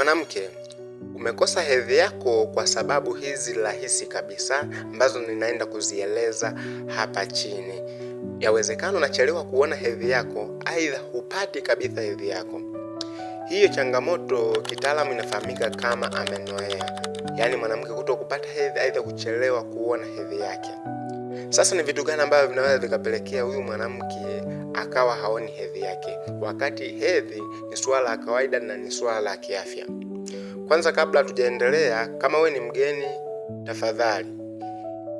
Mwanamke, umekosa hedhi yako kwa sababu hizi rahisi kabisa ambazo ninaenda kuzieleza hapa chini. Yawezekana unachelewa kuona hedhi yako, aidha hupati kabisa hedhi yako. Hiyo changamoto kitaalamu inafahamika kama amenorrhea, yaani mwanamke kuto kupata hedhi, aidha kuchelewa kuona hedhi yake. Sasa ni vitu gani ambavyo vinaweza vikapelekea huyu mwanamke akawa haoni hedhi yake, wakati hedhi ni suala la kawaida na ni suala la kiafya? Kwanza, kabla tujaendelea, kama we ni mgeni, tafadhali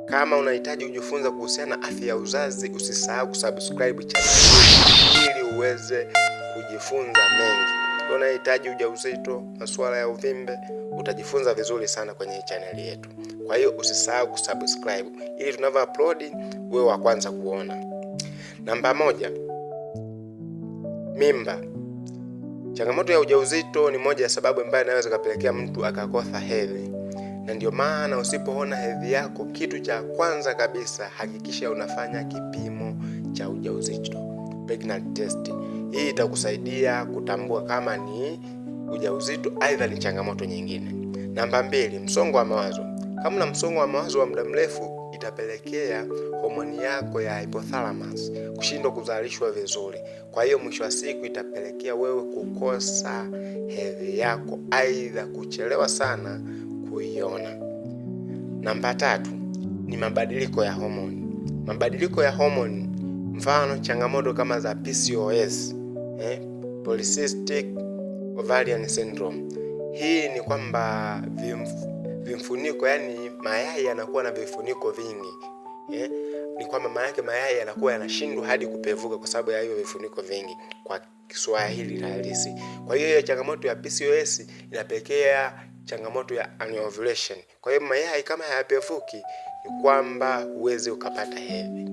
kama unahitaji kujifunza kuhusiana na afya ya uzazi, usisahau kusubscribe channel ili uweze kujifunza mengi. Unahitaji ujauzito, masuala ya uvimbe, utajifunza vizuri sana kwenye chaneli yetu. Kwa hiyo usisahau kusubscribe ili tunavyo upload wewe wa kwanza kuona. Namba moja, mimba. Changamoto ya ujauzito ni moja ya sababu ambayo inaweza kupelekea mtu akakosa hedhi, na ndio maana usipoona hedhi yako, kitu cha kwanza kabisa hakikisha unafanya kipimo cha ujauzito, pregnancy test. Hii itakusaidia kutambua kama ni ujauzito aidha ni changamoto nyingine. Namba mbili, msongo wa mawazo. Kama na msongo wa mawazo wa muda mrefu, itapelekea homoni yako ya hypothalamus kushindwa kuzalishwa vizuri. Kwa hiyo mwisho wa siku itapelekea wewe kukosa hedhi yako, aidha kuchelewa sana kuiona. Namba tatu ni mabadiliko ya homoni. Mabadiliko ya homoni, mfano changamoto kama za PCOS, eh, polycystic ovarian syndrome. Hii ni kwamba vimfuniko, yani mayai yanakuwa na vifuniko vingi eh? Ni kwamba mama yake mayai yanakuwa yanashindwa hadi kupevuka kwa sababu ya hiyo vifuniko vingi, kwa Kiswahili halisi. Kwa hiyo changamoto ya PCOS inapelekea changamoto ya anovulation. Kwa hiyo mayai kama hayapevuki, ni kwamba huwezi ukapata hedhi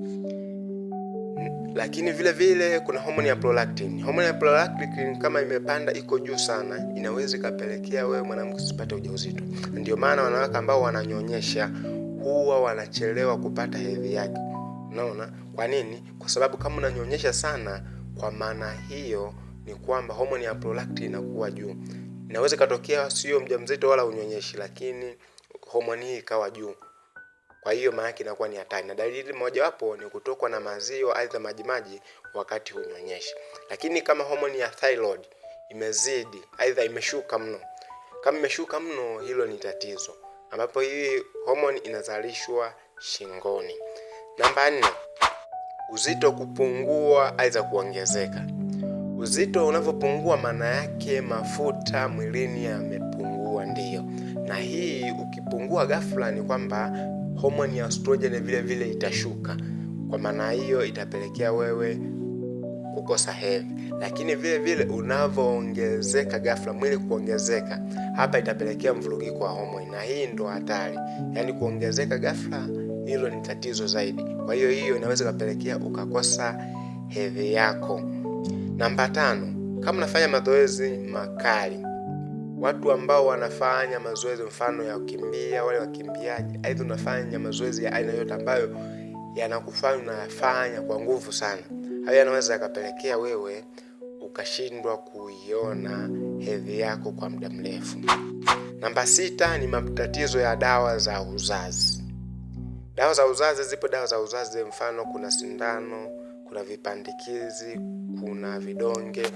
lakini vile vile kuna homoni ya prolactin. Homoni ya prolactin kama imepanda iko juu sana, inaweza ikapelekea wewe mwanamke usipate ujauzito. Ndio maana wanawake ambao wananyonyesha huwa wanachelewa kupata hedhi yake. Unaona kwa nini? Kwa sababu kama unanyonyesha sana, kwa maana hiyo ni kwamba homoni ya prolactin inakuwa juu. Inaweza ikatokea sio mjamzito wala unyonyeshi, lakini homoni hii ikawa juu. Kwa hiyo yake inakuwa ni hatari, na dalili mojawapo ni kutokwa na maziwa aidha majimaji wakati hunyonyesha. Lakini kama homoni ya thyroid imezidi aidha imeshuka mno, kama imeshuka mno, hilo ni tatizo, ambapo hii homoni inazalishwa shingoni. Namba nne, uzito kupungua aidha kuongezeka. Uzito unavyopungua, maana yake mafuta mwilini yamepungua, ndiyo. Na hii ukipungua ghafla, ni kwamba homoni ya estrogen vile vile itashuka. Kwa maana hiyo itapelekea wewe kukosa hedhi, lakini vile vile unavyoongezeka ghafla mwili kuongezeka, hapa itapelekea mvurugiko wa homoni, na hii ndo hatari. Yaani kuongezeka ghafla, hilo ni tatizo zaidi. Kwa hiyo hiyo inaweza ikapelekea ukakosa hedhi yako. Namba tano, kama unafanya mazoezi makali watu ambao wanafanya mazoezi mfano ya kukimbia, wale wakimbiaji, aidha unafanya mazoezi ya aina yote ambayo yanakufanya unayafanya kwa nguvu sana, hayo yanaweza yakapelekea wewe ukashindwa kuiona hedhi yako kwa muda mrefu. Namba sita ni matatizo ya dawa za uzazi. Dawa za uzazi zipo, dawa za uzazi mfano kuna sindano, kuna vipandikizi, kuna vidonge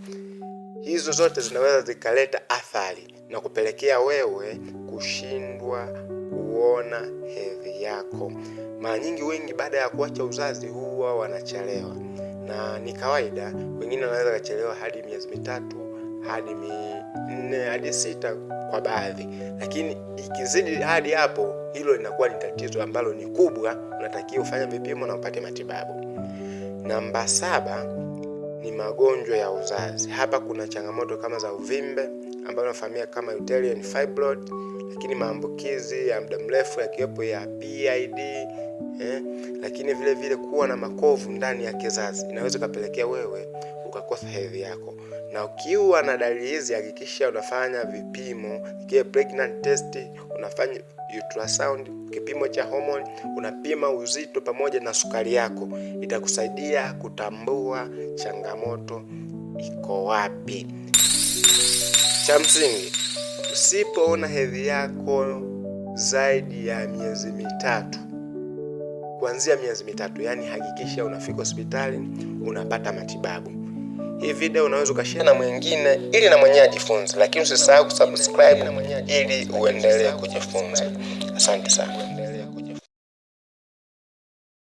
hizo zote zinaweza zikaleta athari na kupelekea wewe kushindwa kuona hedhi yako. Mara nyingi wengi baada ya kuacha uzazi huwa wanachelewa, na ni kawaida. Wengine wanaweza kachelewa hadi miezi mitatu hadi minne hadi sita kwa baadhi, lakini ikizidi hadi hapo, hilo linakuwa ni tatizo ambalo ni kubwa, unatakiwa ufanye vipimo na upate matibabu. Namba saba ni magonjwa ya uzazi. Hapa kuna changamoto kama za uvimbe ambayo inafahamika kama uterine fibroid, lakini maambukizi ya muda mrefu yakiwepo ya PID eh, lakini vile vile kuwa na makovu ndani ya kizazi inaweza ikapelekea wewe ukakosa hedhi yako. Na ukiwa na dalili hizi, hakikisha unafanya vipimo, ikiwa pregnant test, unafanya ultrasound, kipimo cha homoni, unapima uzito pamoja na sukari yako. Itakusaidia kutambua changamoto iko wapi. Cha msingi, usipoona hedhi yako zaidi ya miezi mitatu kuanzia miezi mitatu, yaani hakikisha unafika hospitali unapata matibabu. Hii video unaweza ukashare na mwingine ili na mwenyewe ajifunze, lakini usisahau kusubscribe ili uendelee kujifunza. Asante sana.